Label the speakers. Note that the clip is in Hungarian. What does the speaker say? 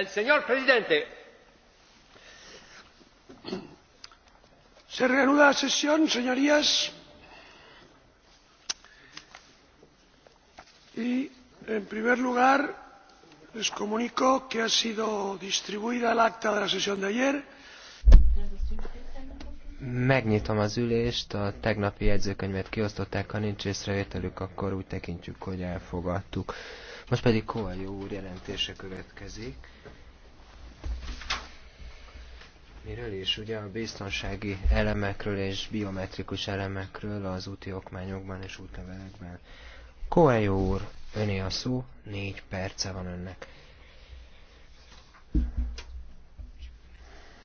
Speaker 1: El señor presidente.
Speaker 2: Se reanuda la sesión, señorías. Y, en primer lugar, les comunico que ha sido distribuida el acta de la sesión de ayer.
Speaker 3: Megnyitom az ülést, a tegnapi jegyzőkönyvet kiosztották, ha nincs észrevételük, akkor úgy tekintjük, hogy elfogadtuk. Most pedig Koajó úr jelentése következik. Miről is? Ugye a biztonsági elemekről és biometrikus elemekről az úti okmányokban és útlevelekben. Koajó úr, öné a szó, négy perce van önnek.